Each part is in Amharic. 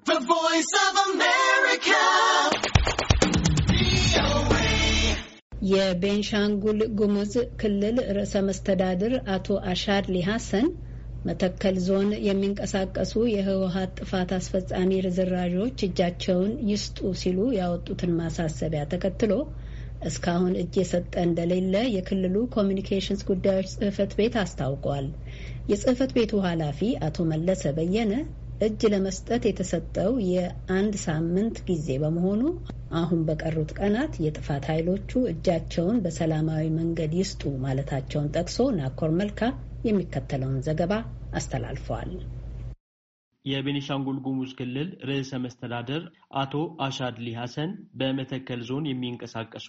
The Voice of America. የቤንሻንጉል ጉሙዝ ክልል ርዕሰ መስተዳድር አቶ አሻድሊ ሀሰን መተከል ዞን የሚንቀሳቀሱ የህወሀት ጥፋት አስፈጻሚ ርዝራዦች እጃቸውን ይስጡ ሲሉ ያወጡትን ማሳሰቢያ ተከትሎ እስካሁን እጅ የሰጠ እንደሌለ የክልሉ ኮሚኒኬሽንስ ጉዳዮች ጽህፈት ቤት አስታውቋል። የጽህፈት ቤቱ ኃላፊ አቶ መለሰ በየነ እጅ ለመስጠት የተሰጠው የአንድ ሳምንት ጊዜ በመሆኑ አሁን በቀሩት ቀናት የጥፋት ኃይሎቹ እጃቸውን በሰላማዊ መንገድ ይስጡ ማለታቸውን ጠቅሶ ናኮር መልካ የሚከተለውን ዘገባ አስተላልፈዋል። የቤኒሻንጉል ጉሙዝ ክልል ርዕሰ መስተዳደር አቶ አሻድሊ ሐሰን በመተከል ዞን የሚንቀሳቀሱ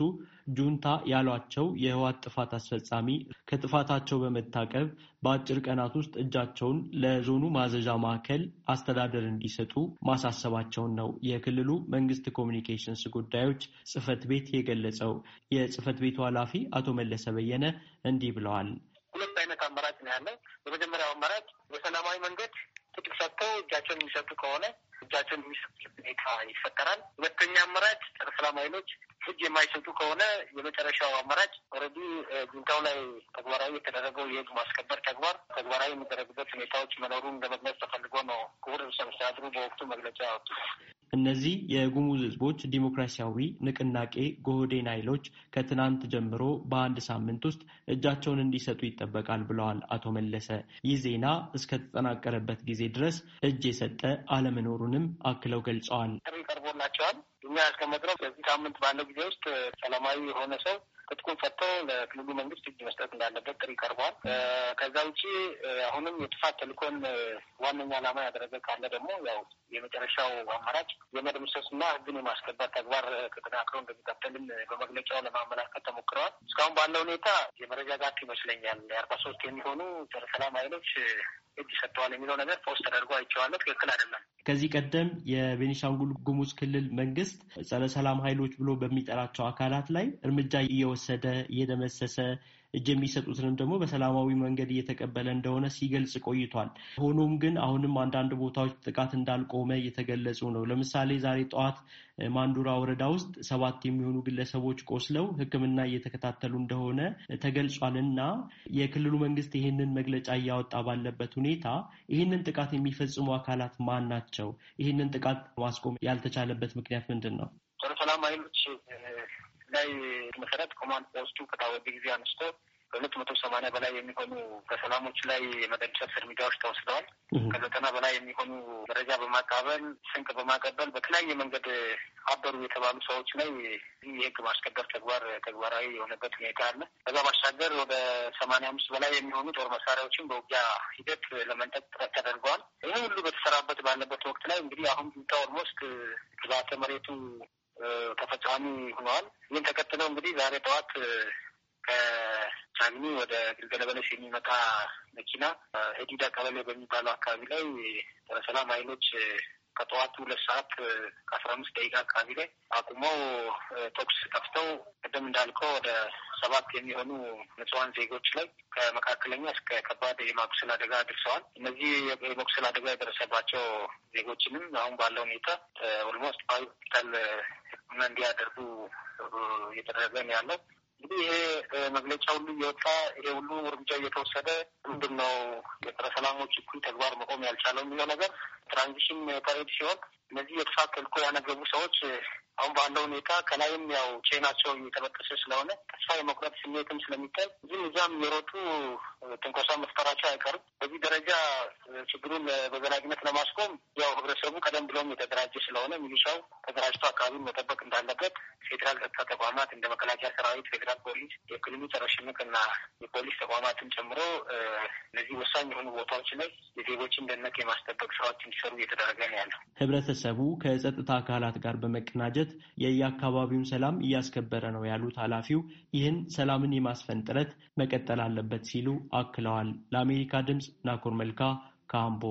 ጁንታ ያሏቸው የህዋት ጥፋት አስፈጻሚ ከጥፋታቸው በመታቀብ በአጭር ቀናት ውስጥ እጃቸውን ለዞኑ ማዘዣ ማዕከል አስተዳደር እንዲሰጡ ማሳሰባቸውን ነው የክልሉ መንግስት ኮሚኒኬሽንስ ጉዳዮች ጽህፈት ቤት የገለጸው። የጽህፈት ቤቱ ኃላፊ አቶ መለሰ በየነ እንዲህ ብለዋል። ሁለት አይነት አማራጭ ነው ያለ። የመጀመሪያው አማራጭ በሰላማዊ መንገድ ጥቅም ሰጥቶ እጃቸውን የሚሰጡ ከሆነ እጃቸውን የሚሰጡ ሁኔታ ይፈጠራል። ሁለተኛ አማራጭ ጸረ ሰላም ኃይሎች ህግ የማይሰጡ ከሆነ የመጨረሻው አማራጭ ኦልሬዲ ጉንታው ላይ ተግባራዊ የተደረገው የህግ ማስከበር ተግባር ተግባራዊ የሚደረግበት ሁኔታዎች መኖሩን ለመግለጽ ተፈልጎ ነው። ክቡር ርዕሰ መስተዳድሩ በወቅቱ መግለጫ ያወጡ እነዚህ የጉሙዝ ህዝቦች ዲሞክራሲያዊ ንቅናቄ ጎህዴን ኃይሎች ከትናንት ጀምሮ በአንድ ሳምንት ውስጥ እጃቸውን እንዲሰጡ ይጠበቃል ብለዋል አቶ መለሰ። ይህ ዜና እስከተጠናቀረበት ጊዜ ድረስ እጅ የሰጠ አለመኖሩንም አክለው ገልጸዋል። ጥሪ ቀርቦላቸዋል። እኛ ያስቀመጥነው በዚህ ሳምንት ባለው ጊዜ ውስጥ ሰላማዊ የሆነ ሰው ትጥቁን ፈቶ ለክልሉ መንግስት እጅ መስጠት እንዳለበት ጥሪ ቀርቧል። ከዛ ውጪ አሁንም የጥፋት ተልኮን ዋነኛ ዓላማ ያደረገ ካለ ደግሞ ያው የመጨረሻው አማራጭ የመደምሰስና ሕግን የማስከበር ተግባር ተጠናክሮ እንደሚቀጥልም በመግለጫው ለማመላከት ተሞክረዋል። እስካሁን ባለው ሁኔታ የመረጃጋት ይመስለኛል። የአርባ ሶስት የሚሆኑ ሰላም ኃይሎች እጅ ሰጥተዋል የሚለው ነገር ፖስት ተደርጎ አይቼዋለሁ። ትክክል አይደለም። ከዚህ ቀደም የቤኒሻንጉል ጉሙዝ ክልል መንግስት ጸረ ሰላም ኃይሎች ብሎ በሚጠራቸው አካላት ላይ እርምጃ እየወሰደ እየደመሰሰ እጅ የሚሰጡትንም ደግሞ በሰላማዊ መንገድ እየተቀበለ እንደሆነ ሲገልጽ ቆይቷል። ሆኖም ግን አሁንም አንዳንድ ቦታዎች ጥቃት እንዳልቆመ እየተገለጹ ነው። ለምሳሌ ዛሬ ጠዋት ማንዱራ ወረዳ ውስጥ ሰባት የሚሆኑ ግለሰቦች ቆስለው ሕክምና እየተከታተሉ እንደሆነ ተገልጿል እና የክልሉ መንግስት ይህንን መግለጫ እያወጣ ባለበት ሁኔታ ይህንን ጥቃት የሚፈጽሙ አካላት ማን ናቸው? ናቸው። ይህንን ጥቃት ማስቆም ያልተቻለበት ምክንያት ምንድን ነው? ጦር ሰላም ኃይሎች ላይ መሰረት ኮማንድ ፖስቱ ከታወደ ጊዜ አንስቶ በሁለት መቶ ሰማኒያ በላይ የሚሆኑ በሰላሞች ላይ የመደምሰስ እርምጃዎች ተወስደዋል። ከዘጠና በላይ የሚሆኑ መረጃ በማቃበል ስንቅ በማቀበል በተለያየ መንገድ አበሩ የተባሉ ሰዎች ላይ የህግ ማስከበር ተግባር ተግባራዊ የሆነበት ሁኔታ አለ። ከዛ ባሻገር ወደ ሰማንያ አምስት በላይ የሚሆኑ ጦር መሳሪያዎችን በውጊያ ሂደት ለመንጠቅ ጥረት ተደርገዋል። ይህ ሁሉ በተሰራበት ባለበት ወቅት ላይ እንግዲህ አሁን ጁንታ ኦልሞስት ግዛተ መሬቱ ተፈጻሚ ሆነዋል። ይህን ተከትለው እንግዲህ ዛሬ ጠዋት ቻግኒ ወደ በለስ የሚመጣ መኪና ሄዲዳ ቀበሌ በሚባለው አካባቢ ላይ ጸረ ሰላም ኃይሎች ከጠዋቱ ሁለት ሰዓት ከአስራ አምስት ደቂቃ አካባቢ ላይ አቁመው ተኩስ ከፍተው ቅድም እንዳልከው ወደ ሰባት የሚሆኑ ንጹሃን ዜጎች ላይ ከመካከለኛ እስከ ከባድ የማቁሰል አደጋ ደርሰዋል። እነዚህ የማቁሰል አደጋ የደረሰባቸው ዜጎችንም አሁን ባለው ሁኔታ ኦልሞስት ሆስፒታል ሕክምና እንዲያደርጉ እየተደረገ ነው ያለው። እንግዲህ ይሄ መግለጫ ሁሉ እየወጣ ይሄ ሁሉ እርምጃ እየተወሰደ ምንድን ነው የጸረ ሰላሞች እኩይ ተግባር መቆም ያልቻለው የሚለው ነገር ትራንዚሽን ፓሬድ ሲሆን እነዚህ የተሳተፉ ያነገቡ ሰዎች አሁን ባለው ሁኔታ ከላይም ያው ቼናቸው እየተበጠሰ ስለሆነ ተስፋ የመቁረጥ ስሜትም ስለሚታይ እዚህም እዚያም የሮጡ ትንኮሳ መፍጠራቸው አይቀርም። በዚህ ደረጃ ችግሩን በዘላቂነት ለማስቆም ያው ህብረተሰቡ ቀደም ብሎም የተደራጀ ስለሆነ ሚሊሻው ተደራጅቶ አካባቢን መጠበቅ እንዳለበት ፌዴራል ጸጥታ ተቋማት እንደ መከላከያ ሰራዊት፣ ፌዴራል ፖሊስ፣ የክልሉ ጸረ ሽምቅ እና የፖሊስ ተቋማትን ጨምሮ እነዚህ ወሳኝ የሆኑ ቦታዎች ላይ ዜጎችን ደህንነት የማስጠበቅ ስራዎች እንዲሰሩ እየተደረገ ነው ያለው። ህብረተሰቡ ከጸጥታ አካላት ጋር በመቀናጀት የየአካባቢውን ሰላም እያስከበረ ነው ያሉት ኃላፊው፣ ይህን ሰላምን የማስፈን ጥረት መቀጠል አለበት ሲሉ አክለዋል። ለአሜሪካ ድምፅ ናኮር መልካ ካምቦ